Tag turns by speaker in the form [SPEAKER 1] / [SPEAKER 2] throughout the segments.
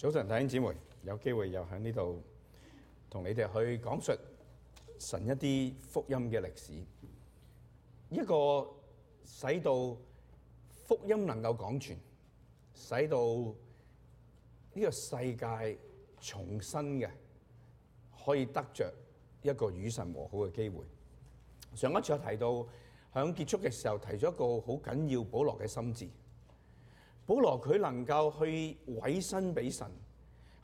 [SPEAKER 1] 早晨，弟兄姊妹，有機會又喺呢度同你哋去講述神一啲福音嘅歷史，一個使到福音能夠講傳，使到呢個世界重新嘅，可以得著一個與神和好嘅機會。上一次我提到，響結束嘅時候提咗一個好緊要，保羅嘅心志。保羅佢能夠去委身俾神，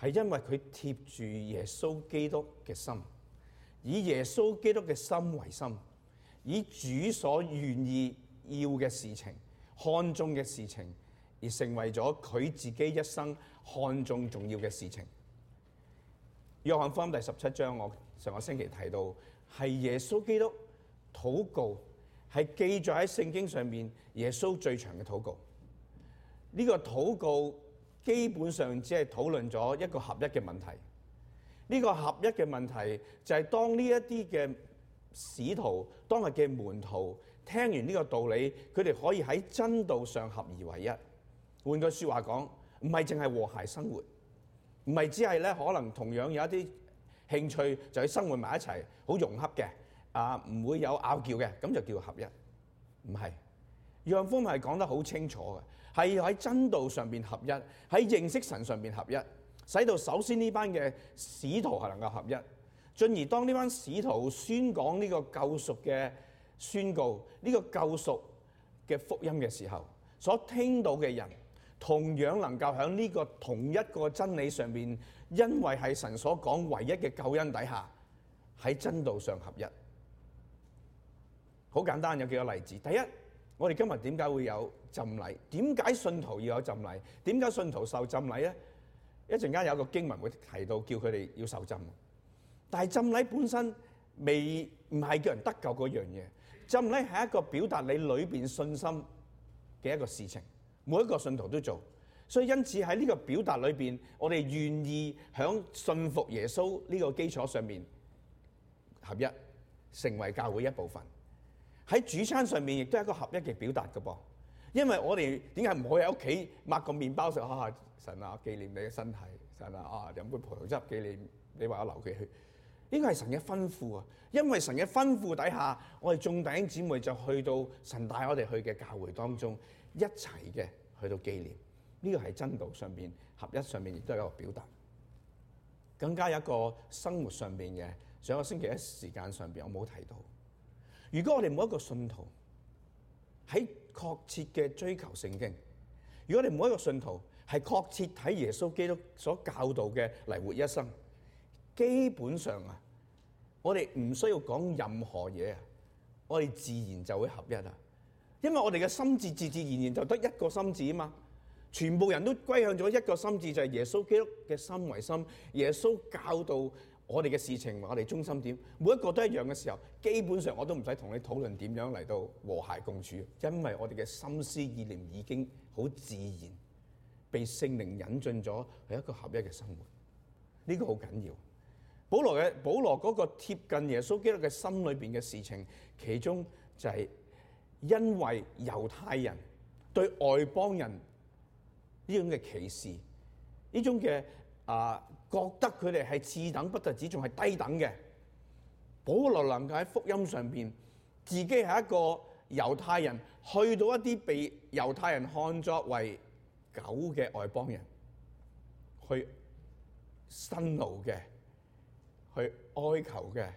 [SPEAKER 1] 係因為佢貼住耶穌基督嘅心，以耶穌基督嘅心為心，以主所願意要嘅事情，看重嘅事情，而成為咗佢自己一生看重重，重要嘅事情。約翰福音第十七章，我上個星期提到，係耶穌基督禱告，係記載喺聖經上面耶穌最長嘅禱告。呢個禱告基本上只係討論咗一個合一嘅問題。呢個合一嘅問題就係當呢一啲嘅使徒、當日嘅門徒聽完呢個道理，佢哋可以喺真道上合而為一。換句説話講，唔係淨係和諧生活，唔係只係咧可能同樣有一啲興趣就喺生活埋一齊，好融洽嘅啊，唔會有拗撬嘅，咁就叫做合一。唔係楊方係講得好清楚嘅。係喺真道上邊合一，喺認識神上邊合一，使到首先呢班嘅使徒係能夠合一，進而當呢班使徒宣講呢個救贖嘅宣告，呢個救贖嘅福音嘅時候，所聽到嘅人同樣能夠喺呢個同一個真理上邊，因為係神所講唯一嘅救恩底下，喺真道上合一。好簡單，有幾個例子，第一。我哋今日點解會有浸禮？點解信徒要有浸禮？點解信徒受浸禮咧？一陣間有個經文會提到，叫佢哋要受浸。但係浸禮本身未唔係叫人得救嗰樣嘢。浸禮係一個表達你裏邊信心嘅一個事情，每一個信徒都做。所以因此喺呢個表達裏邊，我哋願意響信服耶穌呢個基礎上面合一，成為教會一部分。喺主餐上面亦都係一個合一嘅表達嘅噃，因為我哋點解唔可以喺屋企抹個麵包食嚇、啊、神啊，紀念你嘅身體，神啊啊，飲杯葡萄汁紀念你話我流嘅血，應該係神嘅吩咐啊！因為神嘅吩咐底下，我哋眾弟兄姊妹就去到神帶我哋去嘅教會當中一齊嘅去到紀念，呢個係真道上邊合一上面亦都有一個表達，更加有一個生活上邊嘅，上個星期一時間上邊我冇提到。如果我哋每一個信徒喺確切嘅追求聖經，如果我哋每一個信徒係確切喺耶穌基督所教導嘅嚟活一生，基本上啊，我哋唔需要講任何嘢啊，我哋自然就會合一啦，因為我哋嘅心志自自然然就得一個心志啊嘛，全部人都歸向咗一個心志，就係耶穌基督嘅心為心，耶穌教導。我哋嘅事情，我哋中心點，每一個都一樣嘅時候，基本上我都唔使同你討論點樣嚟到和諧共處，因為我哋嘅心思意念已經好自然被聖靈引進咗係一個合一嘅生活。呢、呢個好緊要。保羅嘅保羅嗰個貼近耶穌基督嘅心裏邊嘅事情，其中就係因為猶太人對外邦人呢種嘅歧視呢種嘅啊。覺得佢哋係次等不特止，仲係低等嘅。保羅能夠喺福音上邊，自己係一個猶太人，去到一啲被猶太人看作為狗嘅外邦人，去辛勞嘅，去哀求嘅，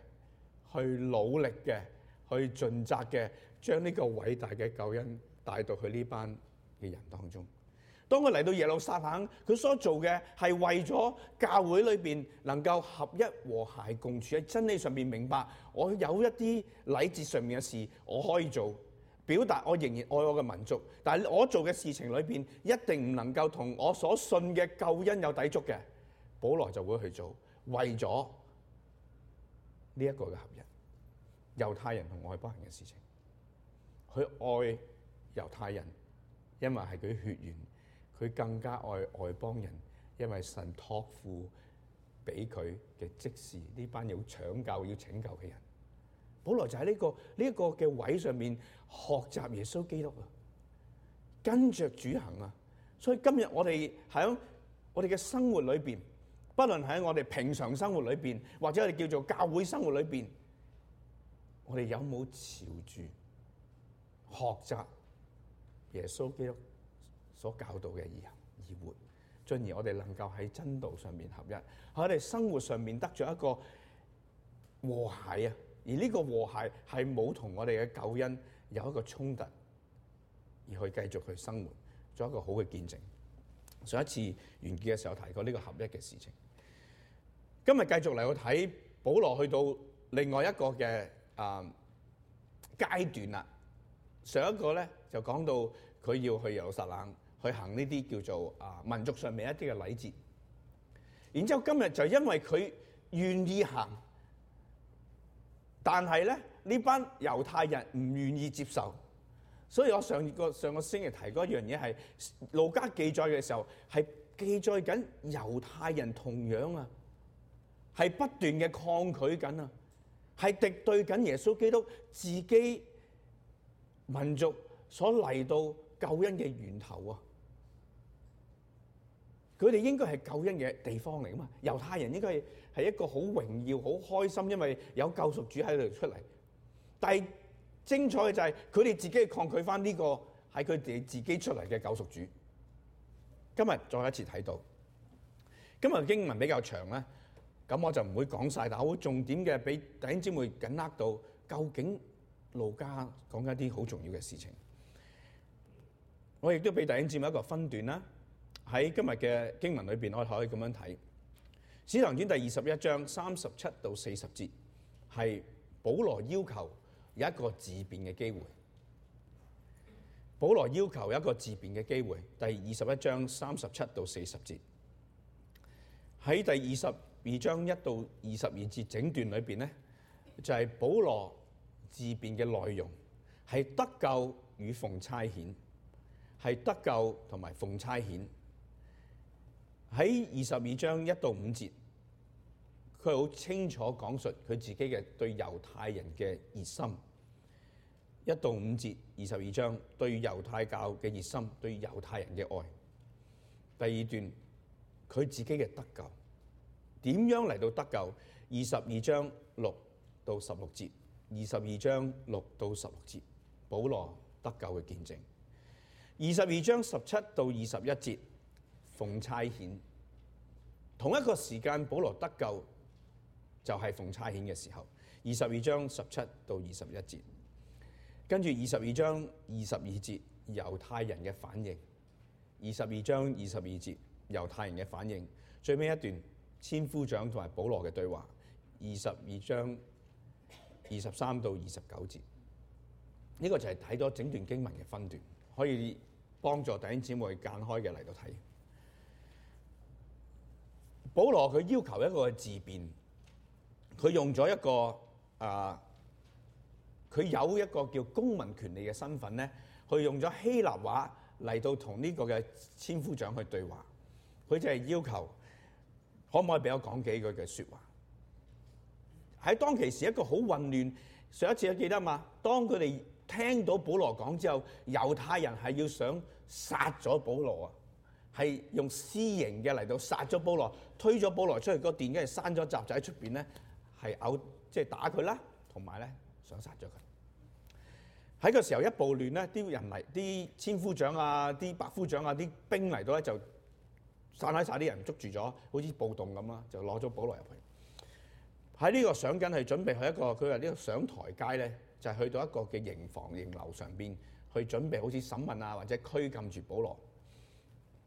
[SPEAKER 1] 去努力嘅，去盡責嘅，將呢個偉大嘅救恩帶到去呢班嘅人當中。當佢嚟到耶路撒冷，佢所做嘅係為咗教會裏邊能夠合一、和諧共處，喺真理上面明白，我有一啲禮節上面嘅事我可以做，表達我仍然愛我嘅民族，但係我做嘅事情裏邊一定唔能夠同我所信嘅救恩有抵觸嘅。保羅就會去做，為咗呢一個嘅合一，猶太人同外邦人嘅事情，佢愛猶太人，因為係佢血緣。佢更加愛外邦人，因為神託付俾佢嘅職事，呢班要搶救、要拯救嘅人。保羅就喺呢個呢一個嘅位上面學習耶穌基督啊，跟着主行啊。所以今日我哋喺我哋嘅生活裏邊，不論喺我哋平常生活裏邊，或者我哋叫做教會生活裏邊，我哋有冇朝住學習耶穌基督所教導嘅意行而活，進而我哋能夠喺真道上面合一，我哋生活上面得咗一個和諧啊！而呢個和諧係冇同我哋嘅救恩有一個衝突，而去繼續去生活，做一個好嘅見證。上一次完結嘅時候我提過呢個合一嘅事情，今日繼續嚟去睇保羅去到另外一個嘅啊、嗯、階段啦。上一個咧就講到佢要去耶路撒冷。去行呢啲叫做啊民族上面一啲嘅禮節，然之後今日就因為佢願意行，但係咧呢班猶太人唔願意接受，所以我上個上個星期提過一樣嘢係路加記載嘅時候係記載緊猶太人同樣啊係不斷嘅抗拒緊啊係敵對緊耶穌基督自己民族所嚟到救恩嘅源頭啊！佢哋應該係救恩嘅地方嚟噶嘛？猶太人應該係一個好榮耀、好開心，因為有救贖主喺度出嚟。但係精彩嘅就係佢哋自己抗拒翻呢個係佢哋自己出嚟嘅救贖主。今日再一次睇到，今日經文比較長咧，咁我就唔會講晒，但我會重點嘅俾弟兄姊妹緊握到，究竟路加講緊啲好重要嘅事情。我亦都俾弟兄姊妹一個分段啦。喺今日嘅經文裏邊，我可以咁樣睇《使徒行傳》第二十一章三十七到四十節，係保羅要求有一個自辯嘅機會。保羅要求有一個自辯嘅機會。第二十一章三十七到四十節，喺第二十二章一到二十二節整段裏邊咧，就係、是、保羅自辯嘅內容係得救與奉差遣，係得救同埋奉差遣。喺二十二章一到五節，佢好清楚講述佢自己嘅對猶太人嘅熱心。一到五節，二十二章對猶太教嘅熱心，對猶太人嘅愛。第二段，佢自己嘅得救點樣嚟到得救？二十二章六到十六節，二十二章六到十六節，保羅得救嘅見證。二十二章十七到二十一節。奉差遣，同一個時間，保羅得救就係、是、奉差遣嘅時候。二十二章十七到二十一節，跟住二十二章二十二節猶太人嘅反應。二十二章二十二節猶太人嘅反應，最尾一段千夫長同埋保羅嘅對話。二十二章二十三到二十九節，呢、這個就係睇多整段經文嘅分段，可以幫助弟兄姊妹間開嘅嚟到睇。保羅佢要求一個自辯，佢用咗一個啊，佢有一個叫公民權利嘅身份咧，佢用咗希臘話嚟到同呢個嘅千夫長去對話，佢就係要求可唔可以俾我講幾句嘅說話？喺當其時一個好混亂，上一次我記得嘛，當佢哋聽到保羅講之後，猶太人係要想殺咗保羅啊。係用私刑嘅嚟到殺咗保羅，推咗保羅出去的，個電機係閂咗閘仔喺出邊咧，係嘔即係打佢啦，同埋咧想殺咗佢。喺個時候一暴亂咧，啲人嚟啲千夫長啊、啲百夫長啊、啲兵嚟到咧就散開晒啲人捉住咗，好似暴動咁啦，就攞咗保羅入去。喺呢個上緊係準備去一個，佢話呢個上台階咧，就係、去到一個嘅營房營樓上邊去準備好似審問啊或者拘禁住保羅。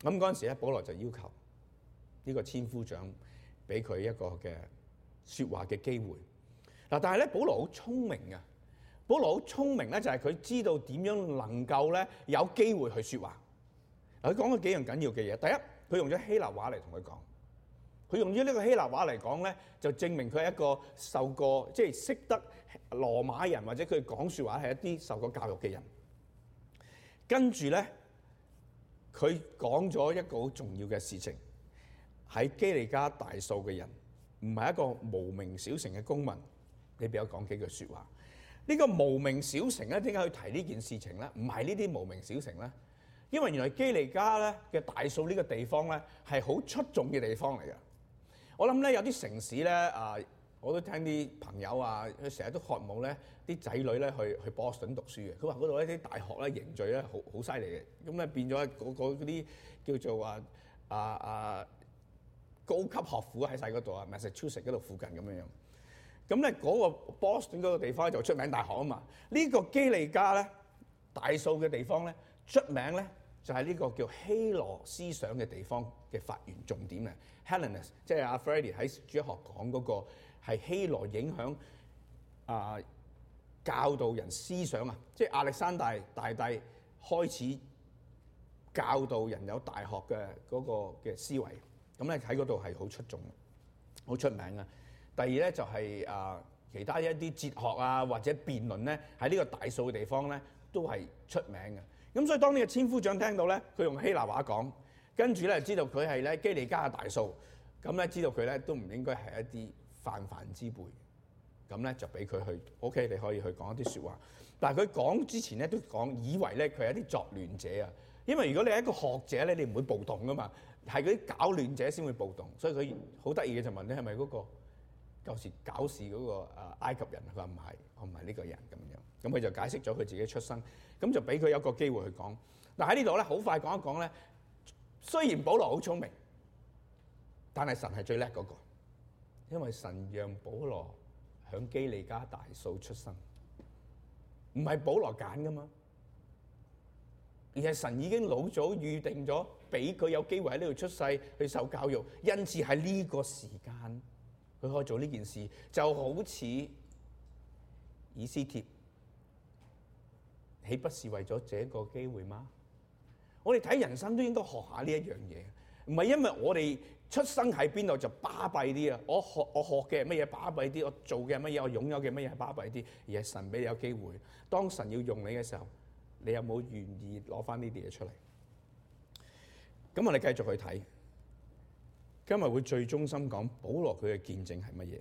[SPEAKER 1] 咁嗰陣時咧，保羅就要求呢個千夫長俾佢一個嘅説話嘅機會。嗱，但係咧，保羅好聰明嘅，保羅好聰明咧，就係佢知道點樣能夠咧有機會去説話。嗱，佢講咗幾樣緊要嘅嘢。第一，佢用咗希臘話嚟同佢講。佢用咗呢個希臘話嚟講咧，就證明佢係一個受過，即係識得羅馬人或者佢講説話係一啲受過教育嘅人。跟住咧。佢講咗一個好重要嘅事情，喺基利加大數嘅人唔係一個無名小城嘅公民，你俾我講幾句説話。呢個無名小城咧，點解去提呢件事情咧？唔係呢啲無名小城咧，因為原來基利加咧嘅大數呢個地方咧係好出眾嘅地方嚟㗎。我諗咧有啲城市咧啊。我都聽啲朋友啊，佢成日都渴望咧啲仔女咧去去 Boston 讀書嘅。佢話嗰度咧啲大學咧凝聚咧好好犀利嘅。咁咧變咗嗰嗰啲叫做話啊啊，啊高級學府喺晒嗰度啊，Massachusetts 嗰度附近咁樣樣。咁咧嗰個 Boston 嗰個地方就出名大學啊嘛。呢、這個基利加咧大數嘅地方咧出名咧就係、是、呢個叫希羅思想嘅地方嘅發源重點咧。Hellenes 即係阿 Freddie 喺主學學講嗰、那個。係希羅影響啊，教導人思想啊，即係亞歷山大大帝開始教導人有大學嘅嗰個嘅思維，咁咧喺嗰度係好出眾，好出名啊。第二咧就係、是、啊，其他一啲哲學啊或者辯論咧喺呢個大數嘅地方咧都係出名嘅。咁所以當呢個千夫長聽到咧，佢用希臘話講，跟住咧知道佢係咧基利加嘅大數，咁咧知道佢咧都唔應該係一啲泛泛之輩，咁咧就俾佢去。OK，你可以去講一啲説話。但係佢講之前咧都講，以為咧佢係一啲作亂者啊。因為如果你係一個學者咧，你唔會暴動噶嘛。係嗰啲搞亂者先會暴動，所以佢好得意嘅就問你係咪嗰個舊時搞事嗰個埃及人？佢話唔係，我唔係呢個人咁樣。咁佢就解釋咗佢自己出身，咁就俾佢有一個機會去講。嗱，喺呢度咧，好快講一講咧。雖然保羅好聰明，但係神係最叻嗰個。因為神讓保羅喺基利家大數出生，唔係保羅揀噶嘛，而係神已經老早預定咗，俾佢有機會喺呢度出世去受教育，因此喺呢個時間佢可以做呢件事，就好似以斯帖，豈不是為咗這個機會嗎？我哋睇人生都應該學下呢一樣嘢，唔係因為我哋。出生喺邊度就巴閉啲啊！我學我學嘅係乜嘢巴閉啲，我做嘅係乜嘢，我擁有嘅係乜嘢巴閉啲。而係神俾你有機會，當神要用你嘅時候，你有冇願意攞翻呢啲嘢出嚟？咁我哋繼續去睇，今日會最中心講保羅佢嘅見證係乜嘢？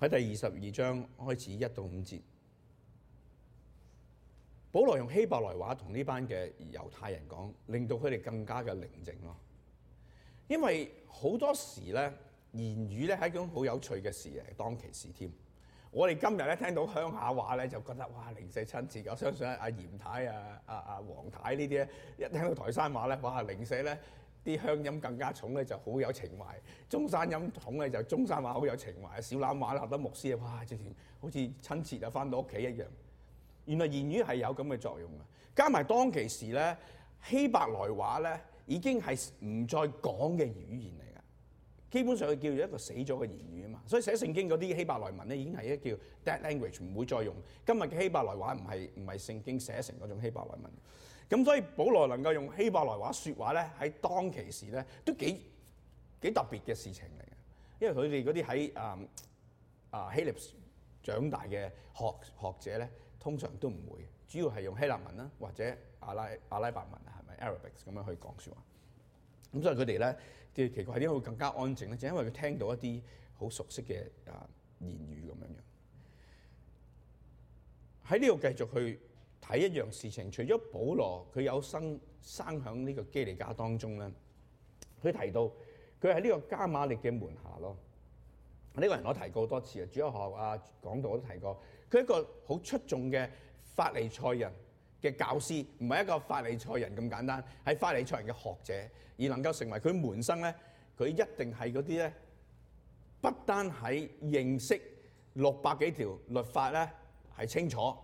[SPEAKER 1] 喺第二十二章開始一到五節，保羅用希伯來話同呢班嘅猶太人講，令到佢哋更加嘅寧靜咯。因為好多時咧，言語咧係一種好有趣嘅事嚟，當其時添。我哋今日咧聽到鄉下話咧，就覺得哇，零舍親切。我相信阿阿嚴太、阿阿阿黃太呢啲咧，一聽到台山話咧，哇，零舍咧啲鄉音更加重咧，就好有情懷。中山音重咧，就中山話好有情懷。小欖馬立德牧師啊，哇，之前好似親切啊，返到屋企一樣。原來言語係有咁嘅作用嘅。加埋當其時咧，希伯來話咧。已經係唔再講嘅語言嚟噶，基本上佢叫做一個死咗嘅言語啊嘛。所以寫聖經嗰啲希伯來文咧，已經係一叫 dead language，唔會再用。今日嘅希伯來話唔係唔係聖經寫成嗰種希伯來文。咁所以保羅能夠用希伯來話說話咧，喺當其時咧都幾幾特別嘅事情嚟嘅。因為佢哋嗰啲喺啊啊希臘長大嘅學學者咧，通常都唔會，主要係用希臘文啦、啊，或者阿拉阿拉伯文啊。a 阿拉伯咁樣去講説話，咁所以佢哋咧嘅奇怪係點？其他會更加安靜咧，就因為佢聽到一啲好熟悉嘅啊言語咁樣樣。喺呢度繼續去睇一樣事情，除咗保羅，佢有生生響呢個基利家當中咧，佢提到佢喺呢個加瑪力嘅門下咯。呢、呢個人我提過多次要啊，主日學啊講道我都提過，佢一個好出眾嘅法利賽人。嘅教師唔係一個法利賽人咁簡單，係法利賽人嘅學者，而能夠成為佢門生咧，佢一定係嗰啲咧，不單係認識六百幾條律法咧係清楚，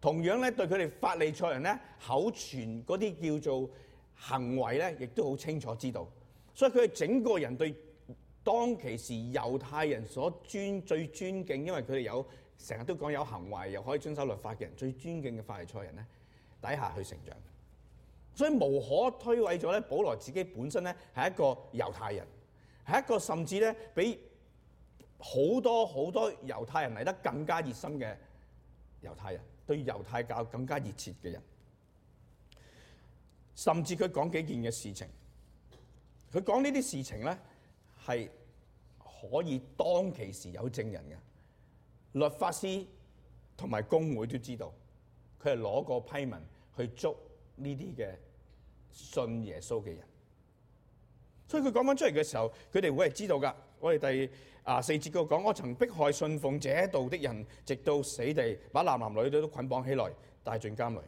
[SPEAKER 1] 同樣咧對佢哋法利賽人咧口傳嗰啲叫做行為咧，亦都好清楚知道，所以佢哋整個人對當其時猶太人所尊最尊敬，因為佢哋有成日都講有行為又可以遵守律法嘅人，最尊敬嘅法利賽人咧。底下去成長，所以無可推諉咗咧。保羅自己本身咧係一個猶太人，係一個甚至咧比好多好多猶太人嚟得更加熱心嘅猶太人，對猶太教更加熱切嘅人。甚至佢講幾件嘅事情，佢講呢啲事情咧係可以當其時有證人嘅，律法師同埋公會都知道，佢係攞個批文，去捉呢啲嘅信耶穌嘅人，所以佢講翻出嚟嘅時候，佢哋會係知道噶。我哋第啊四節嘅講，我曾迫害信奉這道的人，直到死地，把男男女女都捆綁起來，帶進監裏。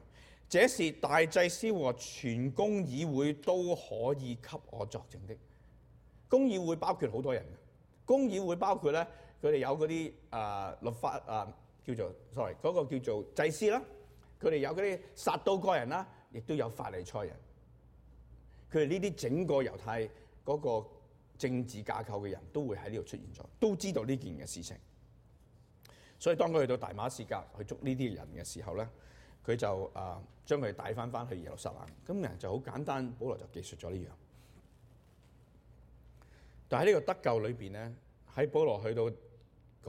[SPEAKER 1] 這是大祭司和全公議會都可以給我作證的。公議會包括好多人，公議會包括咧，佢哋有嗰啲啊律法啊、呃、叫做，sorry，嗰個叫做祭司啦。佢哋有嗰啲撒都該人啦，亦都有法利賽人。佢哋呢啲整個猶太嗰個政治架構嘅人都會喺呢度出現咗，都知道呢件嘅事情。所以當佢去到大馬士革去捉呢啲人嘅時候咧，佢就啊將佢帶翻翻去耶路撒冷。咁人就好簡單，保羅就記述咗呢樣。但喺呢個得救裏邊咧，喺保羅去到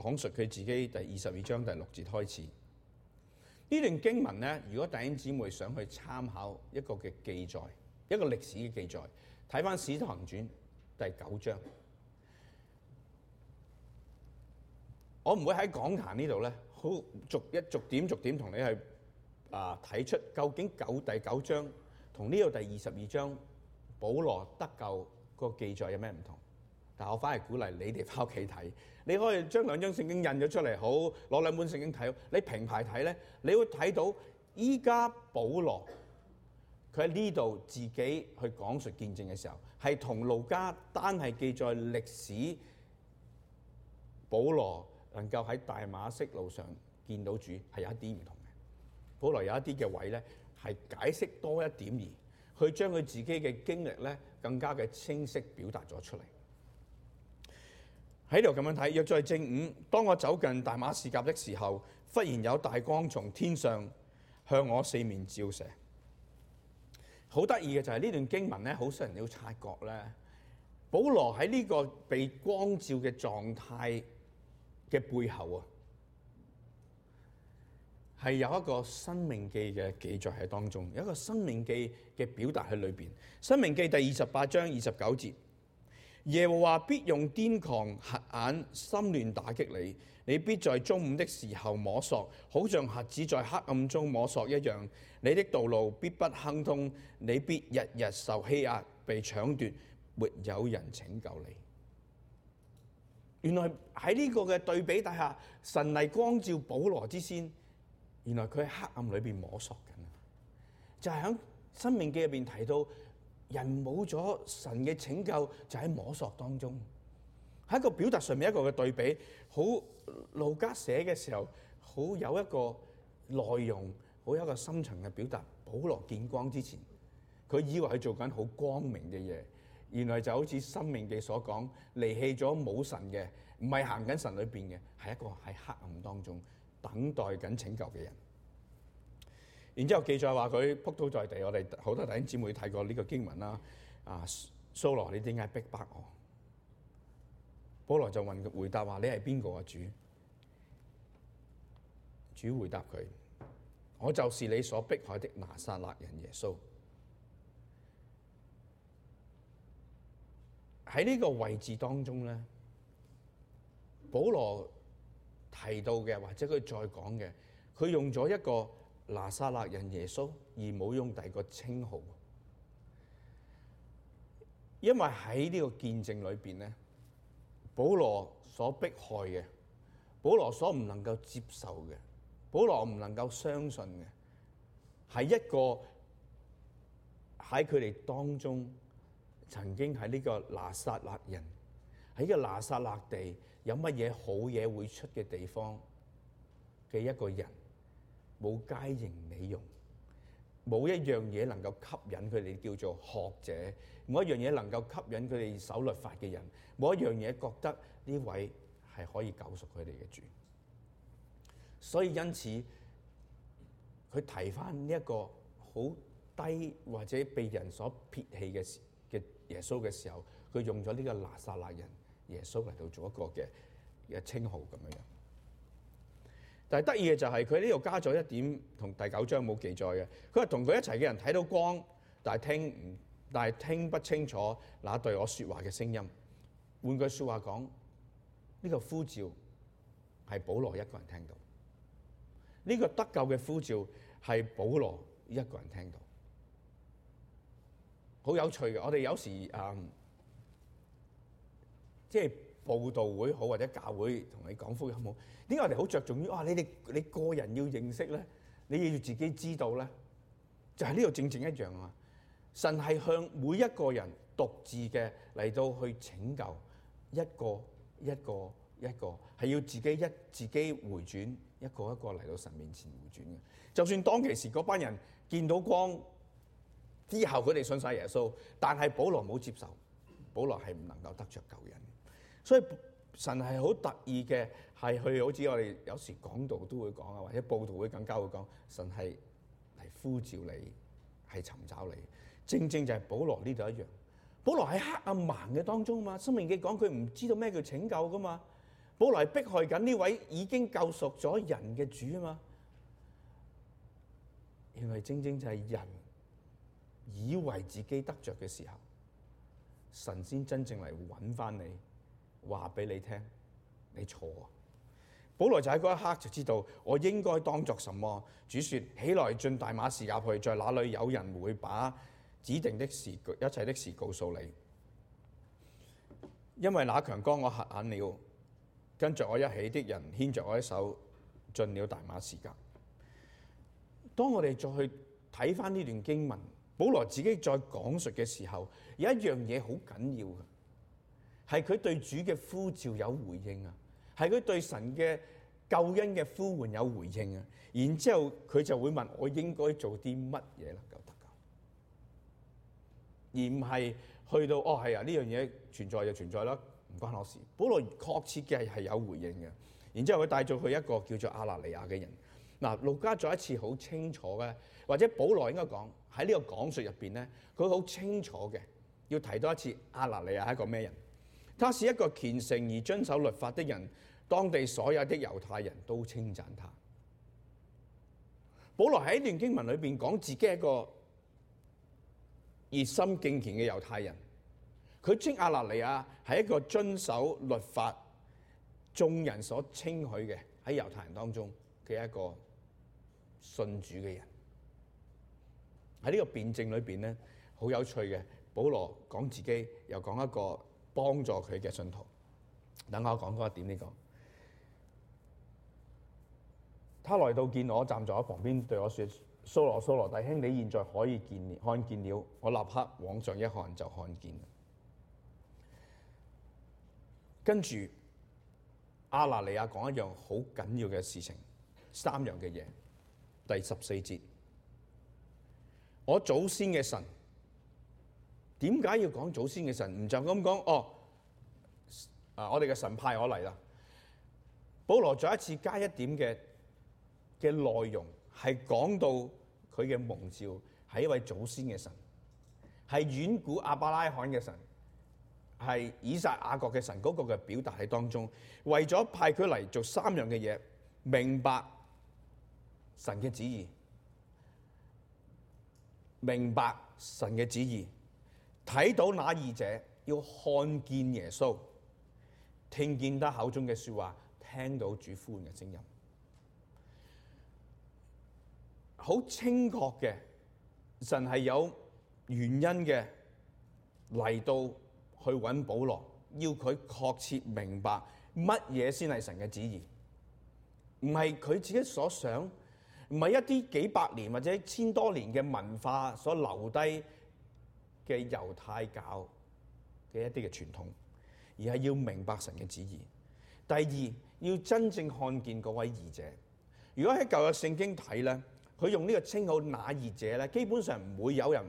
[SPEAKER 1] 講述佢自己第二十二章第六節開始。呢段經文咧，如果弟兄姊妹想去參考一個嘅記載，一個歷史嘅記載，睇翻《使徒行傳》第九章，我唔會喺講壇呢度咧，好逐一逐點逐點同你去啊睇出究竟九第九章同呢度第二十二章保羅得救個記載有咩唔同？但我反而鼓勵你哋翻屋企睇，你可以將兩張聖經印咗出嚟，好攞兩本聖經睇。你平排睇咧，你會睇到依家保羅佢喺呢度自己去講述見證嘅時候，係同路加單係記載歷史。保羅能夠喺大馬色路上見到主係有一啲唔同嘅。保羅有一啲嘅位咧係解釋多一點而去將佢自己嘅經歷咧更加嘅清晰表達咗出嚟。喺度咁樣睇，約在正午，當我走近大馬士甲的時候，忽然有大光從天上向我四面照射。好得意嘅就係呢段經文咧，好少人要察覺咧。保羅喺呢個被光照嘅狀態嘅背後啊，係有一個申命記嘅記載喺當中，有一個申命記嘅表達喺裏邊。申命記第二十八章二十九節。耶和華必用癲狂瞎眼、心亂打擊你，你必在中午的時候摸索，好像瞎子在黑暗中摸索一樣。你的道路必不亨通，你必日日受欺壓、被搶奪，沒有人拯救你。原來喺呢個嘅對比底下，神嚟光照保羅之先，原來佢喺黑暗裏邊摸索緊，就係喺《申命記》入邊提到。人冇咗神嘅拯救，就喺摸索當中，喺一個表達上面一個嘅對比。好，路加寫嘅時候，好有一個內容，好有一個深層嘅表達。保羅見光之前，佢以為佢做緊好光明嘅嘢，原來就好似申命記所講，離棄咗冇神嘅，唔係行緊神裏邊嘅，係一個喺黑暗當中等待緊拯救嘅人。然之後記載話佢撲倒在地，我哋好多弟兄姊妹睇過呢個經文啦。啊，掃羅你點解逼迫我？保羅就問佢回答，話你係邊個啊？主，主回答佢：我就是你所逼害的拿撒勒人耶穌。喺呢個位置當中咧，保羅提到嘅，或者佢再講嘅，佢用咗一個。拿撒勒人耶穌，而冇用第二個稱號，因為喺呢個見證裏邊咧，保羅所迫害嘅，保羅所唔能夠接受嘅，保羅唔能夠相信嘅，係一個喺佢哋當中曾經喺呢個拿撒勒人喺個拿撒勒地有乜嘢好嘢會出嘅地方嘅一個人。冇佳形美容，冇一樣嘢能夠吸引佢哋叫做學者，冇一樣嘢能夠吸引佢哋守律法嘅人，冇一樣嘢覺得呢位係可以救贖佢哋嘅主。所以因此，佢提返呢一個好低或者被人所撇棄嘅嘅耶穌嘅時候，佢用咗呢個拿撒勒人耶穌嚟到做一個嘅嘅稱號咁樣樣。但係得意嘅就係佢呢度加咗一點同第九章冇記載嘅，佢話同佢一齊嘅人睇到光，但係聽唔，但係聽不清楚那對我說話嘅聲音。換句說話講，呢個呼召係保羅一個人聽到，呢個得救嘅呼召係保羅一個人聽到。好有趣嘅，我哋有時誒、嗯，即係。報道會好，或者教會同你講福音好。點解我哋好著重於哇？你哋你個人要認識咧，你要自己知道咧，就係呢度正正一樣啊！神係向每一個人獨自嘅嚟到去拯救一個一個一個，係要自己一自己回轉一個一個嚟到神面前回轉嘅。就算當其時嗰班人見到光之後，佢哋信晒耶穌，但係保羅冇接受，保羅係唔能夠得著救恩。所以神係好特意嘅，係去好似我哋有時講道都會講啊，或者報道會更加會講，神係嚟呼召你，係尋找你，正正就係保羅呢度一樣。保羅喺黑暗盲嘅當中嘛，生命記講佢唔知道咩叫拯救㗎嘛，保羅係迫害緊呢位已經救贖咗人嘅主啊嘛，因為正正就係人以為自己得着嘅時候，神先真正嚟搵返你。話俾你聽，你錯啊！保羅就喺嗰一刻就知道我應該當作什麼。主說：起來進大馬士革去，在那裏有人會把指定的事、一切的事告訴你。因為那強光我瞎眼了，跟着我一起的人牽着我一手進了大馬士革。當我哋再去睇翻呢段經文，保羅自己再講述嘅時候，有一樣嘢好緊要嘅。係佢對主嘅呼召有回應啊！係佢對神嘅救恩嘅呼喚有回應啊！然之後佢就會問我應該做啲乜嘢啦？夠得㗎，而唔係去到哦，係啊，呢樣嘢存在就存在啦，唔關我事。保羅確切嘅係有回應嘅。然之後佢帶咗去一個叫做亞拿尼亞嘅人嗱、啊。路加再一次好清楚嘅，或者保羅應該講喺呢個講述入邊咧，佢好清楚嘅要提多一次亞拿尼亞係一個咩人？他是一個虔誠而遵守律法的人，當地所有的猶太人都稱讚他。保羅喺一段經文裏邊講自己係一個熱心敬虔嘅猶太人，佢稱亞拿尼亞係一個遵守律法、眾人所稱許嘅喺猶太人當中嘅一個信主嘅人。喺呢個辯證裏邊呢，好有趣嘅，保羅講自己又講一個。幫助佢嘅信徒。等我講多一點呢、這個。他來到見我，站在我旁邊對我説：蘇羅蘇羅弟兄，你現在可以見、看見了。我立刻往上一看就看見。跟住，亞拿尼亞講一樣好緊要嘅事情，三樣嘅嘢。第十四節，我祖先嘅神。點解要講祖先嘅神？唔就咁講哦，啊，我哋嘅神派我嚟啦。保羅再一次加一點嘅嘅內容，係講到佢嘅蒙召係一位祖先嘅神，係遠古亞伯拉罕嘅神，係以撒、雅各嘅神。嗰個嘅表達喺當中，為咗派佢嚟做三樣嘅嘢，明白神嘅旨意，明白神嘅旨意。睇到那二者，要看見耶穌，聽見他口中嘅說話，聽到主呼喚嘅聲音，好清確嘅。神係有原因嘅嚟到去揾保羅，要佢確切明白乜嘢先係神嘅旨意，唔係佢自己所想，唔係一啲幾百年或者千多年嘅文化所留低。嘅猶太教嘅一啲嘅傳統，而係要明白神嘅旨意。第二，要真正看見嗰位義者。如果喺舊約聖經睇咧，佢用呢個稱號那義者咧，基本上唔會有人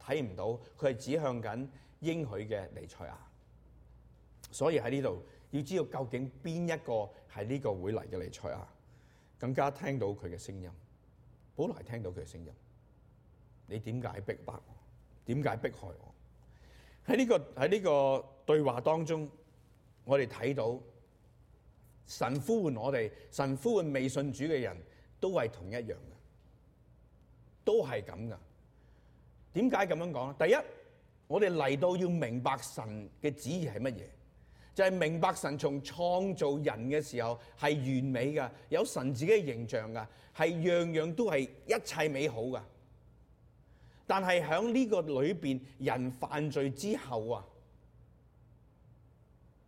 [SPEAKER 1] 睇唔到，佢係指向緊應許嘅彌賽亞。所以喺呢度要知道究竟邊一個係呢個會嚟嘅彌賽亞，更加聽到佢嘅聲音。保羅聽到佢嘅聲音，你點解逼迫？點解迫害我？喺呢、這個喺呢個對話當中，我哋睇到神呼喚我哋，神呼喚未信主嘅人都係同一樣嘅，都係咁噶。點解咁樣講咧？第一，我哋嚟到要明白神嘅旨意係乜嘢，就係、是、明白神從創造人嘅時候係完美噶，有神自己嘅形象噶，係樣樣都係一切美好噶。但係喺呢個裏邊，人犯罪之後啊，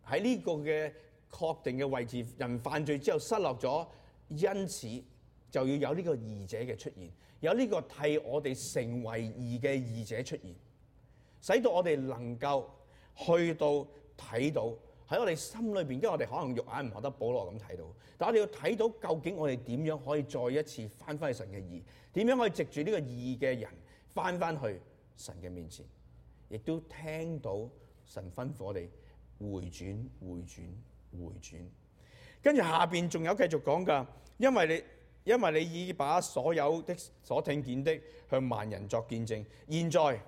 [SPEAKER 1] 喺呢個嘅確定嘅位置，人犯罪之後失落咗，因此就要有呢個義者嘅出現，有呢個替我哋成為義嘅義者出現，使到我哋能夠去到睇到喺我哋心裏邊，因為我哋可能肉眼唔學得。保羅咁睇到，但我哋要睇到究竟我哋點樣可以再一次翻返去神嘅義，點樣可以藉住呢個義嘅人。返返去神嘅面前，亦都聽到神吩咐我哋回轉、回轉、回轉。跟住下邊仲有繼續講噶，因為你因為你已把所有的所聽見的向萬人作見證。現在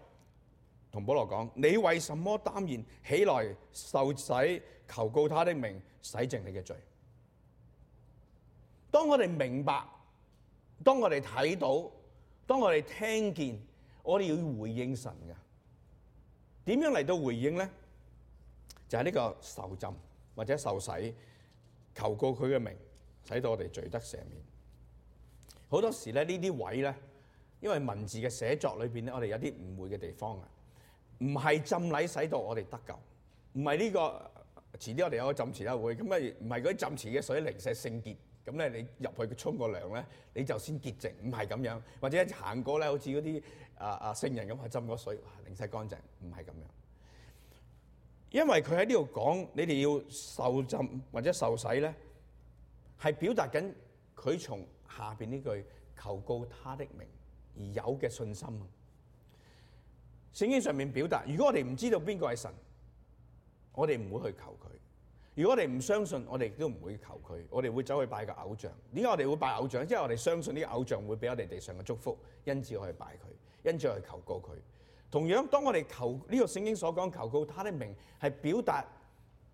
[SPEAKER 1] 同保羅講，你為什麼耽延起來受洗，求告他的名洗淨你嘅罪？當我哋明白，當我哋睇到，當我哋聽見。我哋要回應神㗎，點樣嚟到回應咧？就係呢個受浸或者受洗，求告佢嘅名，使到我哋罪得赦免。好多時咧，呢啲位咧，因為文字嘅寫作裏邊咧，我哋有啲誤會嘅地方啊，唔係浸禮使到我哋得救，唔係呢個，遲啲我哋有個浸池有會，咁啊唔係嗰啲浸池嘅水靈錫聖潔。咁咧，你入去佢沖個涼咧，你就先潔淨，唔係咁樣；或者行過咧，好似嗰啲啊啊聖人咁去浸個水，哇，零舍乾淨，唔係咁樣。因為佢喺呢度講，你哋要受浸或者受洗咧，係表達緊佢從下邊呢句求告他的名而有嘅信心。聖經上面表達，如果我哋唔知道邊個係神，我哋唔會去求佢。如果我哋唔相信，我哋亦都唔會求佢。我哋會走去拜個偶像。點解我哋會拜偶像？即係我哋相信呢個偶像會俾我哋地上嘅祝福，因此我去拜佢，因此我去求告佢。同樣當我哋求呢個聖經所講求告他的名，係表達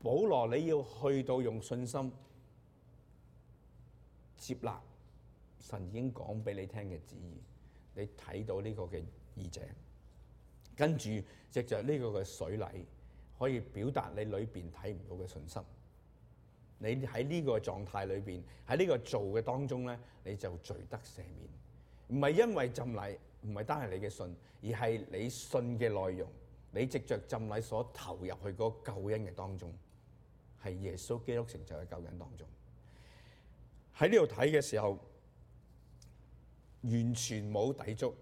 [SPEAKER 1] 保羅你要去到用信心接納神已經講俾你聽嘅旨意，你睇到呢個嘅意者，跟住藉著呢個嘅水禮，可以表達你裏邊睇唔到嘅信心，你喺呢個狀態裏邊，喺呢個做嘅當中咧，你就罪得赦免。唔係因為浸禮，唔係單係你嘅信，而係你信嘅內容，你藉着浸禮所投入去嗰個救恩嘅當中，係耶穌基督成就嘅救恩當中。喺呢度睇嘅時候，完全冇抵觸。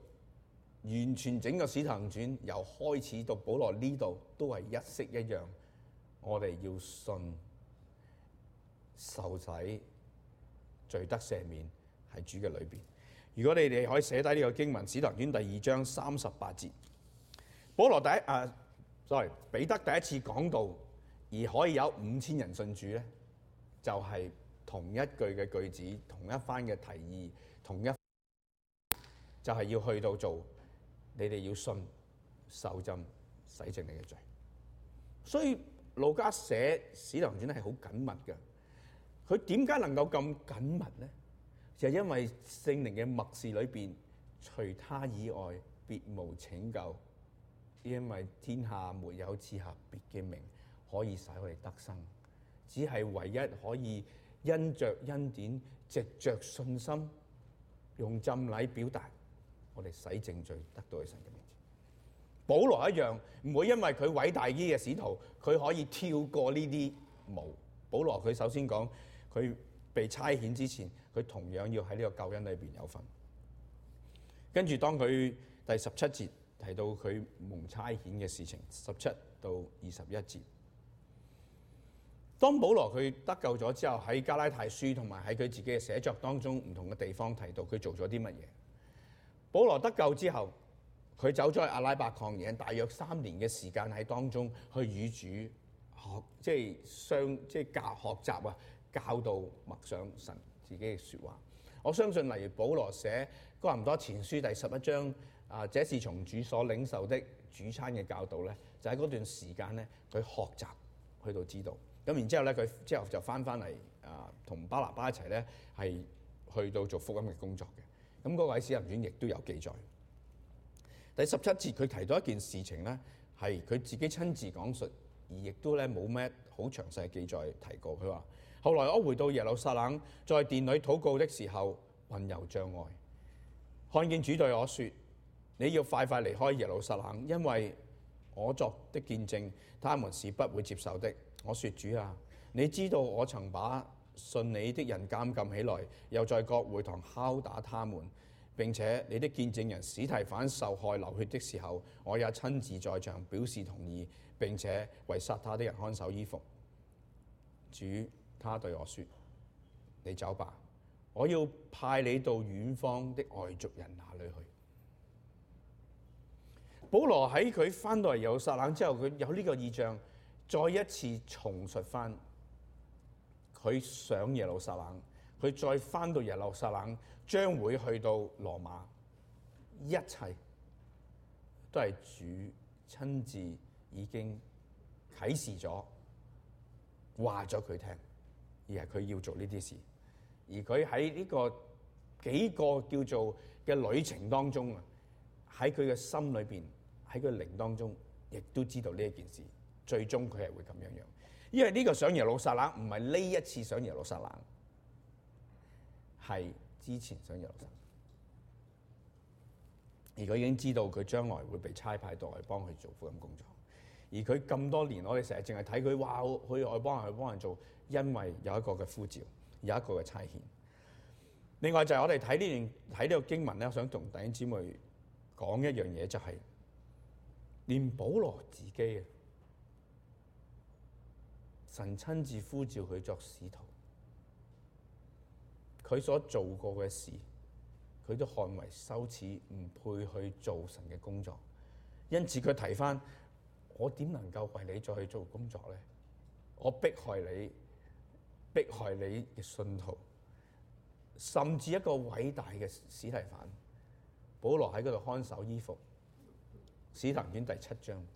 [SPEAKER 1] 完全整個《使徒行傳》由開始到保羅呢度都係一式一樣。我哋要信受洗罪得赦免，係主嘅裏邊。如果你哋可以寫低呢個經文，《使徒行傳》第二章三十八節，保羅第一誒、啊、sorry 彼得第一次講道，而可以有五千人信主咧，就係、是、同一句嘅句子，同一番嘅提議，同一就係要去到做。你哋要信受浸洗淨你嘅罪，所以路加寫《使徒行傳》咧係好緊密嘅。佢點解能夠咁緊密咧？就是、因為聖靈嘅默示裏邊，除他以外，別無拯救。因為天下沒有賜下別嘅名可以使我哋得生，只係唯一可以因着恩典藉着信心用浸禮表達。我哋使證據得到喺神嘅面前，保羅一樣唔會因為佢偉大啲嘅使徒，佢可以跳過呢啲無。保羅佢首先講，佢被差遣之前，佢同樣要喺呢個救恩裏邊有份。跟住當佢第十七節提到佢蒙差遣嘅事情，十七到二十一節。當保羅佢得救咗之後，喺加拉太書同埋喺佢自己嘅寫作當中唔同嘅地方提到佢做咗啲乜嘢。保羅得救之後，佢走咗去阿拉伯曠野，大約三年嘅時間喺當中去與主學，學即係相即係教學習啊，教導默想神自己嘅説話。我相信例如保羅寫《哥林多前書》第十一章啊，這是從主所領受的主餐嘅教導咧，就喺嗰段時間咧，佢學習去到知道。咁然之後咧，佢之後就翻翻嚟啊，同巴拿巴一齊咧，係去到做福音嘅工作嘅。咁個位使徒行傳亦都有記載。第十七節佢提到一件事情咧，係佢自己親自講述，而亦都咧冇咩好詳細記載提過。佢話：後來我回到耶路撒冷，在殿裏禱告的時候，魂遊象外，看見主對我說：「你要快快離開耶路撒冷，因為我作的見證，他們是不會接受的。我說：「主啊，你知道我曾把信你的人監禁起來，又在各會堂敲打他們。並且你的見證人史提反受害流血的時候，我也親自在場，表示同意。並且為殺他的人看守衣服。主他對我説：你走吧，我要派你到遠方的外族人那裡去。保羅喺佢翻到嚟耶路撒冷之後，佢有呢個意象，再一次重述翻。佢上耶路撒冷，佢再返到耶路撒冷，將會去到羅馬，一切都係主親自已經啟示咗，話咗佢聽，而係佢要做呢啲事，而佢喺呢個幾個叫做嘅旅程當中啊，喺佢嘅心裏邊，喺佢靈當中，亦都知道呢一件事，最終佢係會咁樣樣。因為呢個上耶路撒冷唔係呢一次上耶路撒冷，係之前上耶路撒冷，而佢已經知道佢將來會被差派到去幫佢做福音工作，而佢咁多年，我哋成日淨係睇佢話去幫去幫人去幫人做，因為有一個嘅呼召，有一個嘅差遣。另外就係我哋睇呢段，睇呢個經文咧，我想同弟兄姊妹講一樣嘢，就係、是、連保羅自己啊。神親自呼召佢作使徒，佢所做過嘅事，佢都看為羞恥，唔配去做神嘅工作。因此佢提返：我點能夠為你再去做工作咧？我迫害你，迫害你嘅信徒，甚至一個偉大嘅司提反，保羅喺嗰度看守衣服。使徒行傳第七章，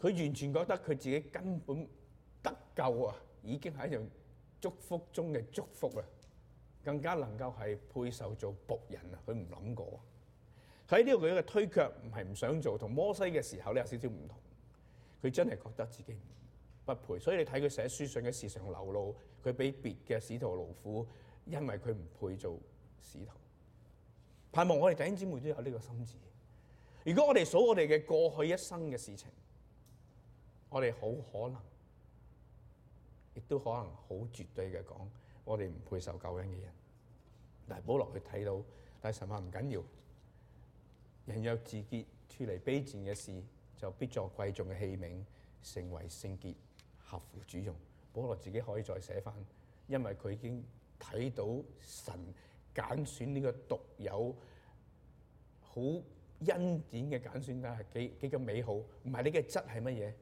[SPEAKER 1] 佢完全覺得佢自己根本。得救啊，已經係一樣祝福中嘅祝福啊，更加能夠係配受做僕人啊！佢唔諗過，喺呢度佢嘅推卻唔係唔想做，同摩西嘅時候咧有少少唔同。佢真係覺得自己不配，所以你睇佢寫書信嘅時常流露，佢比別嘅使徒勞苦，因為佢唔配做使徒。盼望我哋弟兄姊妹都有呢個心志。如果我哋數我哋嘅過去一生嘅事情，我哋好可能。亦都可能好絕對嘅講，我哋唔配受救恩嘅人。但係，保羅去睇到，但係神話唔緊要。人若自潔，脫離卑賤嘅事，就必作貴重嘅器皿，成為聖潔、合乎主用。保羅自己可以再寫返，因為佢已經睇到神揀選呢個獨有好恩典嘅揀選，但係幾幾咁美好。唔係你嘅質係乜嘢，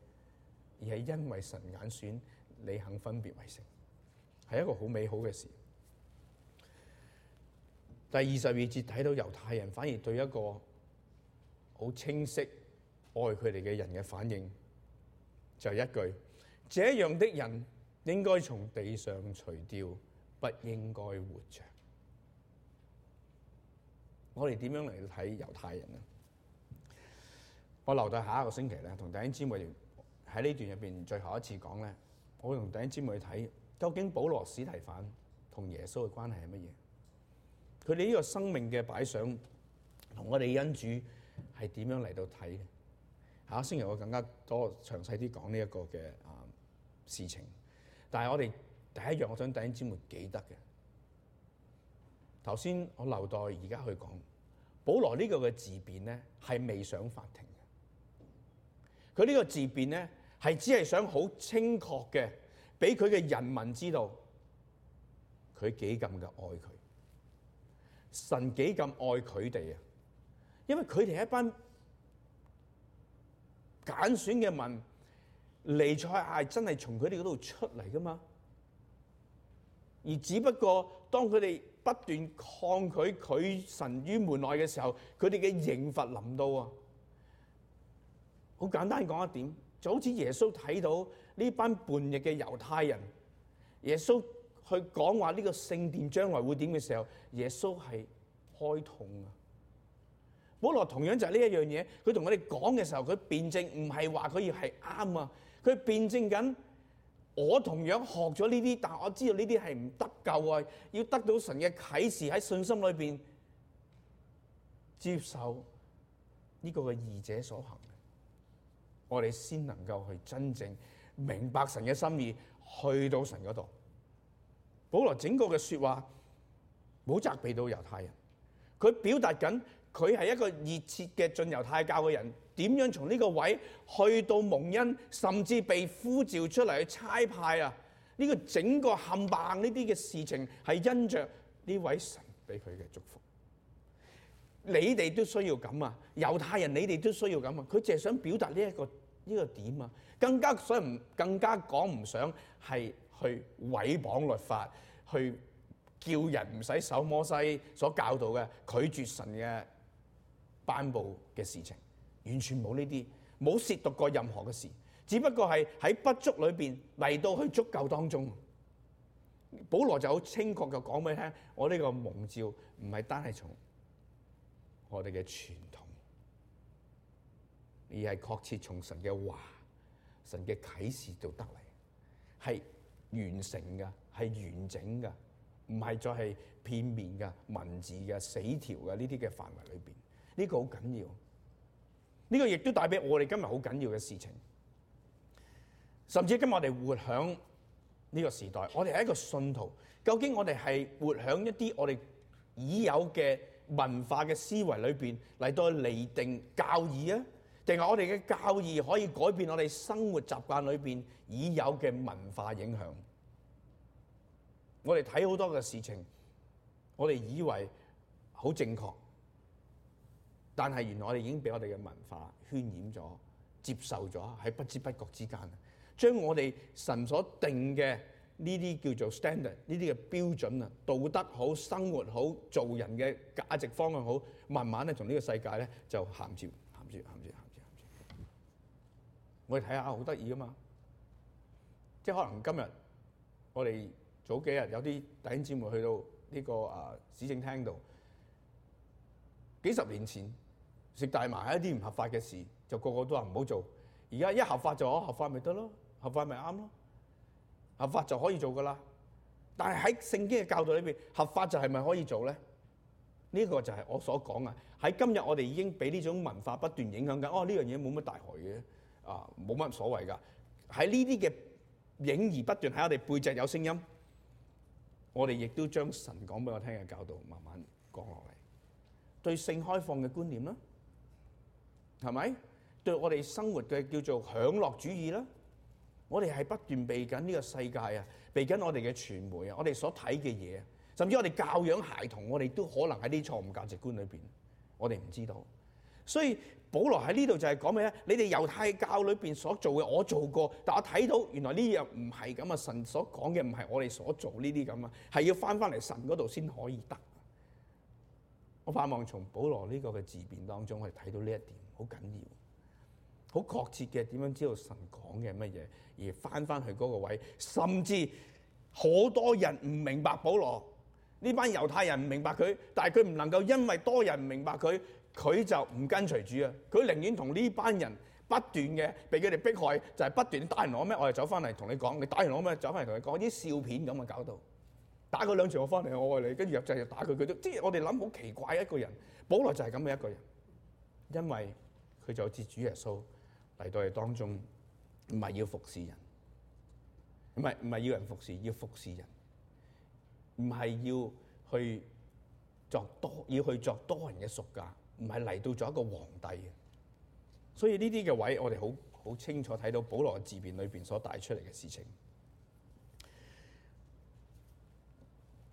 [SPEAKER 1] 而係因為神揀選。你肯分別為聖，係一個好美好嘅事。第二十二節睇到猶太人反而對一個好清晰愛佢哋嘅人嘅反應，就係一句：這樣的人應該從地上除掉，不應該活著。我哋點樣嚟睇猶太人呢？我留待下一個星期咧，同弟兄姊妹喺呢段入邊最後一次講咧。我同弟兄姊妹去睇，究竟保羅、史提反同耶穌嘅關係係乜嘢？佢哋呢個生命嘅擺上，同我哋恩主係點樣嚟到睇？下星期我更加多詳細啲講呢一個嘅啊事情。但係我哋第一樣，我想，想弟兄姊妹記得嘅，頭先我留待而家去講保羅呢個嘅自辯咧，係未上法庭嘅。佢呢個自辯咧。係只係想好清確嘅，俾佢嘅人民知道佢幾咁嘅愛佢，神幾咁愛佢哋啊！因為佢哋一班揀選嘅民，彌賽亞真係從佢哋嗰度出嚟噶嘛。而只不過當佢哋不斷抗拒佢神於門外嘅時候，佢哋嘅刑罰臨到啊！好簡單講一點。就好似耶穌睇到呢班叛逆嘅猶太人，耶穌去講話呢個聖殿將來會點嘅時候，耶穌係開痛啊！保羅同樣就係呢一樣嘢，佢同我哋講嘅時候，佢辯證唔係話佢要係啱啊，佢辯證緊，我同樣學咗呢啲，但我知道呢啲係唔得救啊！要得到神嘅啟示喺信心裏面接受呢個嘅義者所行。我哋先能夠去真正明白神嘅心意，去到神嗰度。保羅整個嘅說話，冇責備到猶太人。佢表達緊，佢係一個熱切嘅進猶太教嘅人，點樣從呢個位去到蒙恩，甚至被呼召出嚟去差派啊？呢、這個整個冚唪唥呢啲嘅事情，係因着呢位神俾佢嘅祝福。你哋都需要咁啊，猶太人你哋都需要咁啊，佢淨係想表達呢一個呢個點啊，更加想唔更加講唔上係去毀謗律法，去叫人唔使守摩西所教導嘅，拒絕神嘅頒布嘅事情，完全冇呢啲，冇褻瀆過任何嘅事，只不過係喺不足裏邊嚟到去足夠當中，保羅就好清楚就講俾你聽，我呢個蒙召唔係單係從。我哋嘅傳統，而係確切從神嘅話、神嘅啟示度得嚟，係完成噶，係完整噶，唔係再係片面噶、文字嘅死條嘅呢啲嘅範圍裏邊。呢、這個好緊要，呢、這個亦都帶俾我哋今日好緊要嘅事情。甚至今日我哋活響呢個時代，我哋係一個信徒，究竟我哋係活響一啲我哋已有嘅文化嘅思維裏邊嚟到釐定教義啊，定係我哋嘅教義可以改變我哋生活習慣裏邊已有嘅文化影響，我哋睇好多嘅事情，我哋以為好正確，但係原來我哋已經俾我哋嘅文化渲染咗、接受咗，喺不知不覺之間，將我哋神所定嘅。呢啲叫做 standard，呢啲嘅標準啊，道德好，生活好，做人嘅價值方向好，慢慢咧從呢個世界咧就銜住銜住銜住銜住，我哋睇下好得意啊嘛，即係可能今日我哋早幾日有啲弟兄姊妹去到呢、呢個啊市政廳度，幾十年前食大麻係一啲唔合法嘅事，就個個都話唔好做。而家一合法咗，合法咪得咯，合法咪啱咯。合法就可以做噶啦，但係喺聖經嘅教導裏邊，合法就係咪可以做咧？呢個就係我所講啊！喺今日我哋已經俾呢種文化不斷影響緊，哦呢樣嘢冇乜大害嘅，啊冇乜所謂噶。喺呢啲嘅影而不斷喺我哋背脊有聲音，我哋亦都將神講俾我聽嘅教導慢慢講落嚟。對性開放嘅觀念啦，係咪對我哋生活嘅叫做享樂主義啦？我哋係不斷避緊呢個世界啊，避緊我哋嘅傳媒啊，我哋所睇嘅嘢，甚至我哋教養孩童，我哋都可能喺啲錯誤價值觀裏邊，我哋唔知道。所以保羅喺呢度就係講咩咧？你哋猶太教裏邊所做嘅，我做過，但我睇到原來呢樣唔係咁啊！神所講嘅唔係我哋所做呢啲咁啊，係要翻翻嚟神嗰度先可以得。我盼望從保羅呢個嘅自辯當中去睇到呢一點，好緊要。好確切嘅點樣知道神講嘅乜嘢，而翻翻去嗰個位，甚至好多人唔明白保羅，呢班猶太人唔明白佢，但係佢唔能夠因為多人唔明白佢，佢就唔跟隨主啊！佢寧願同呢班人不斷嘅被佢哋迫害，就係不斷打完我咩？我就走翻嚟同你講，你打完我咩？走翻嚟同你講啲笑片咁啊，搞到打佢兩次，我翻嚟我愛你，跟住又再打佢，佢都即係我哋諗好奇怪一個人，保羅就係咁嘅一個人，因為佢就好似主耶穌。嚟到係當中，唔係要服侍人，唔係唔係要人服侍，要服侍人，唔係要去作多，要去作多人嘅屬下，唔係嚟到做一個皇帝嘅。所以呢啲嘅位我很，我哋好好清楚睇到，保羅自辯裏邊所帶出嚟嘅事情。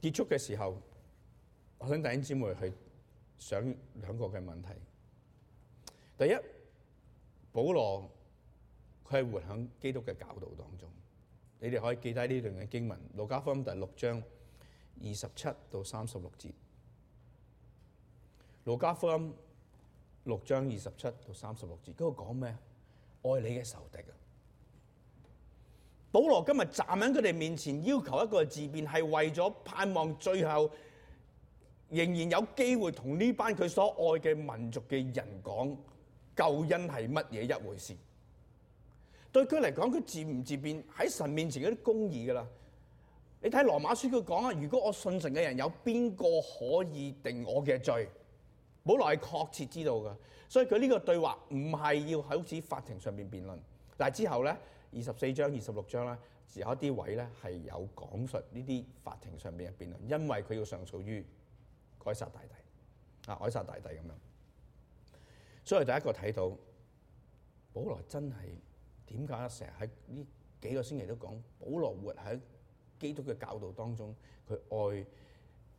[SPEAKER 1] 結束嘅時候，我想弟兄姊妹去想兩個嘅問題。第一。保羅佢係活喺基督嘅教導當中，你哋可以記低呢段嘅經文《路加福音》第六章二十七到三十六節，《路加福音》六章二十七到三十六節，佢講咩？愛你嘅仇敵啊！保羅今日站喺佢哋面前，要求一個自辯，係為咗盼望最後仍然有機會同呢班佢所愛嘅民族嘅人講。救恩係乜嘢一回事？對佢嚟講，佢自唔自辯喺神面前嗰啲公義噶啦。你睇羅馬書佢講啊，如果我信神嘅人有邊個可以定我嘅罪？冇來確切知道噶。所以佢呢個對話唔係要喺好似法庭上面辯論。但之後咧，二十四章、二十六章咧，有一啲位咧係有講述呢啲法庭上邊嘅辯論，因為佢要上訴於凱撒大帝啊，凱撒大帝咁樣。所以第一個睇到，保羅真係點解成日喺呢幾個星期都講，保羅活喺基督嘅教導當中，佢愛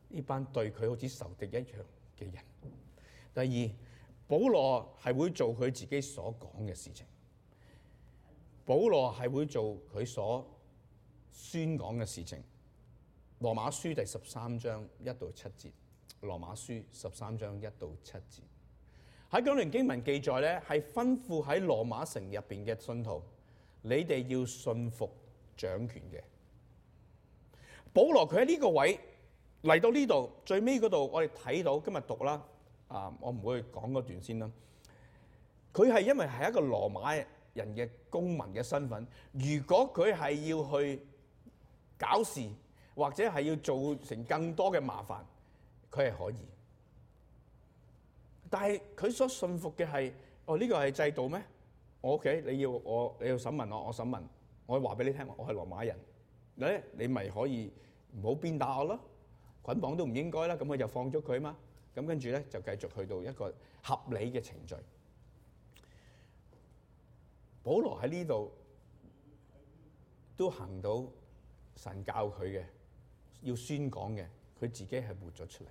[SPEAKER 1] 呢班對佢好似仇敵一樣嘅人。第二，保羅係會做佢自己所講嘅事情，保羅係會做佢所宣講嘅事情。羅馬書第十三章一到七節，羅馬書十三章一到七節。喺九年經文記載咧，係吩咐喺羅馬城入邊嘅信徒，你哋要信服掌權嘅。保羅佢喺呢個位嚟到呢度最尾嗰度，我哋睇到今日讀啦。啊，我唔會講嗰段先啦。佢係因為係一個羅馬人嘅公民嘅身份，如果佢係要去搞事或者係要造成更多嘅麻煩，佢係可以。但係佢所信服嘅係哦，呢個係制度咩？我 OK，你要我你要審問我，我審問，我話俾你聽，我係羅馬人。嗱咧，你咪可以唔好鞭打我咯，捆綁都唔應該啦。咁佢就放咗佢啊嘛。咁跟住咧就繼續去到一個合理嘅程序。保羅喺呢度都行到神教佢嘅，要宣講嘅，佢自己係活咗出嚟。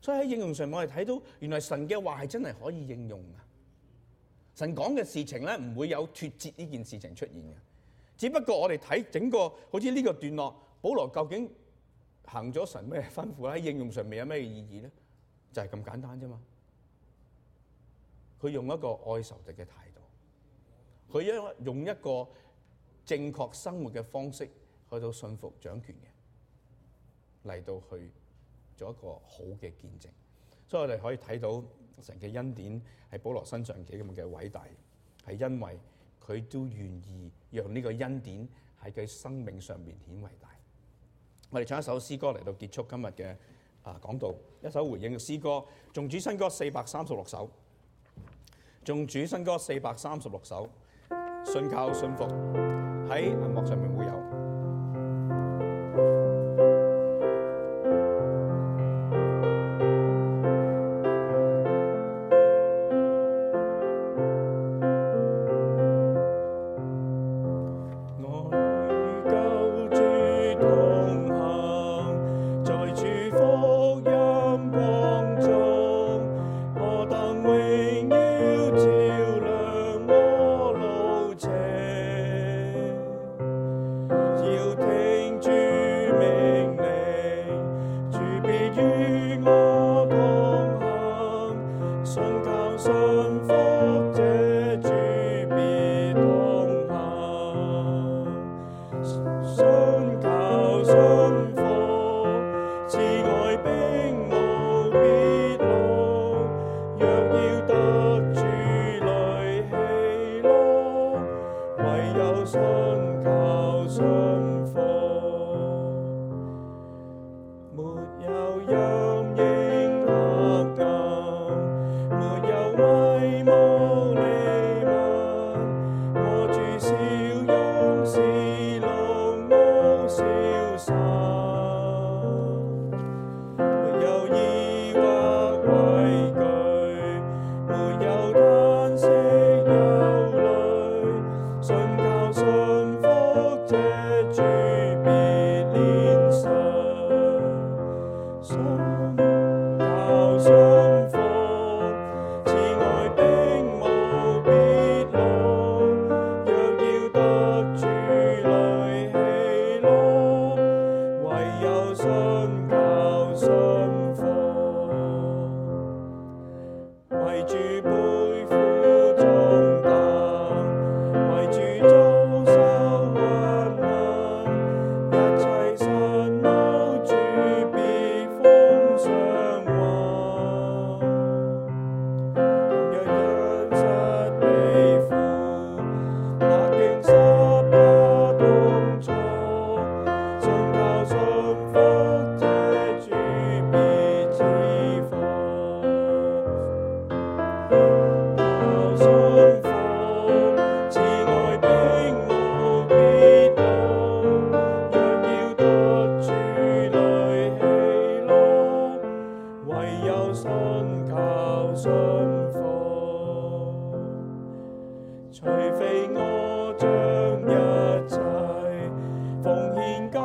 [SPEAKER 1] 所以喺應用上，我哋睇到原來神嘅話係真係可以應用啊！神講嘅事情咧，唔會有脫節呢件事情出現嘅。只不過我哋睇整個好似呢個段落，保羅究竟行咗神咩吩咐？喺應用上面有咩意義咧？就係咁簡單啫嘛。佢用一個愛仇敵嘅態度，佢用用一個正確生活嘅方式去到信服掌權嘅嚟到去。做一個好嘅見證，所以我哋可以睇到神嘅恩典喺保羅身上幾咁偉大，係因為佢都願意讓呢個恩典喺佢生命上面顯偉大。我哋唱一首詩歌嚟到結束今日嘅啊講道，一首回應嘅詩歌，頌主新歌四百三十六首，頌主新歌四百三十六首，信靠信服喺銀幕上面會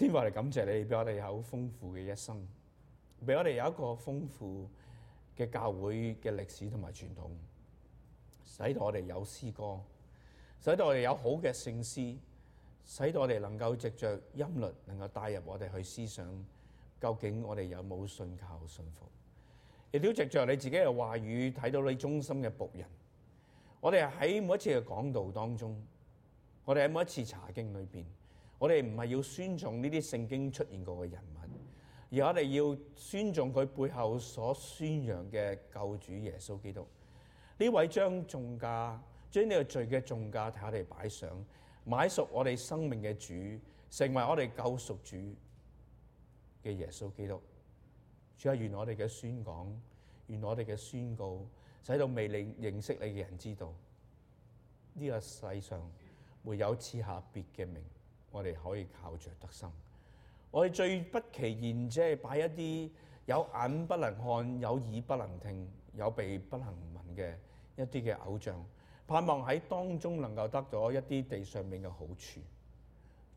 [SPEAKER 1] 天父嚟，感謝你俾我哋有豐富嘅一生，俾我哋有一個豐富嘅教會嘅歷史同埋傳統，使到我哋有詩歌，使到我哋有好嘅聖詩，使到我哋能夠藉着音律能夠帶入我哋去思想，究竟我哋有冇信靠信服？亦都藉著你自己嘅話語，睇到你中心嘅僕人。我哋喺每一次嘅講道當中，我哋喺每一次查經裏邊。我哋唔係要尊重呢啲聖經出現過嘅人物，而我哋要尊重佢背後所宣揚嘅救主耶穌基督。呢位將重價，將呢個罪嘅重價替我哋擺上，買贖我哋生命嘅主，成為我哋救贖主嘅耶穌基督。主啊，願我哋嘅宣講，願我哋嘅宣告，使到未認認識你嘅人知道，呢、這個世上會有賜下別嘅名。我哋可以靠着得生，我哋最不期然即係擺一啲有眼不能看、有耳不能聽、有鼻不能聞嘅一啲嘅偶像，盼望喺當中能夠得到一啲地上面嘅好處。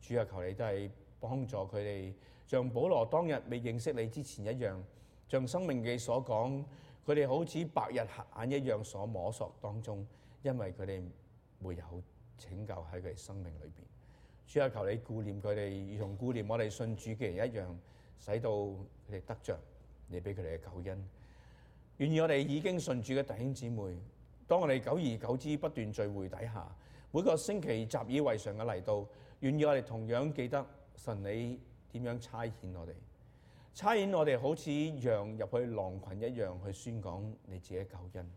[SPEAKER 1] 主啊，求你都係幫助佢哋，像保羅當日未認識你之前一樣，像《申命記》所講，佢哋好似白日瞎眼一樣，所摸索當中，因為佢哋沒有拯救喺佢哋生命裏邊。主啊，求你顧念佢哋，如同顧念我哋信主嘅人一樣，使到佢哋得着你俾佢哋嘅救恩。願意我哋已經信主嘅弟兄姊妹，當我哋久而久之不斷聚會底下，每個星期習以為常嘅嚟到，願意我哋同樣記得神你點樣差遣我哋，差遣我哋好似羊入去狼群一樣去宣講你自己嘅救恩，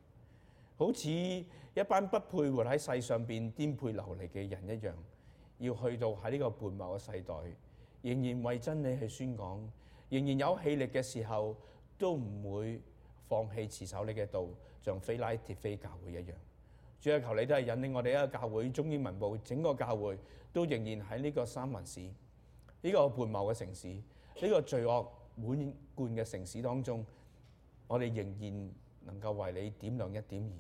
[SPEAKER 1] 好似一班不配活喺世上邊顛沛流離嘅人一樣。要去到喺呢個叛茂嘅世代，仍然為真理去宣講，仍然有氣力嘅時候，都唔會放棄持守你嘅道，像非拉鐵非教會一樣。主啊，求你都係引領我哋一個教會，中英文部整個教會都仍然喺呢個三藩市，呢個叛茂嘅城市，呢個罪惡滿貫嘅城市當中，我哋仍然能夠為你點亮一點，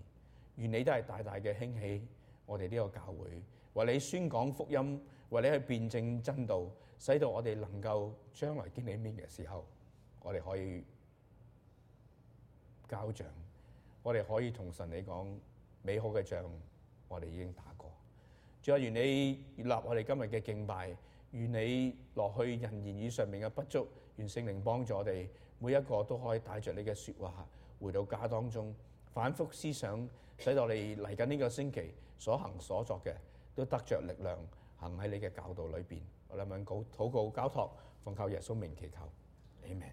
[SPEAKER 1] 願你都係大大嘅興起，我哋呢個教會。為你宣講福音，為你去辯證真道，使到我哋能夠將來見你面嘅時候，我哋可以交賬。我哋可以同神你講美好嘅仗，我哋已經打過。主啊，願你立我哋今日嘅敬拜，願你落去人言語上面嘅不足，願聖靈幫助我哋，每一個都可以帶着你嘅説話回到家當中，反覆思想，使到我哋嚟緊呢個星期所行所作嘅，都得着力量行喺你嘅教導裏邊，我哋問告禱告交託，奉靠耶穌名祈求，你命。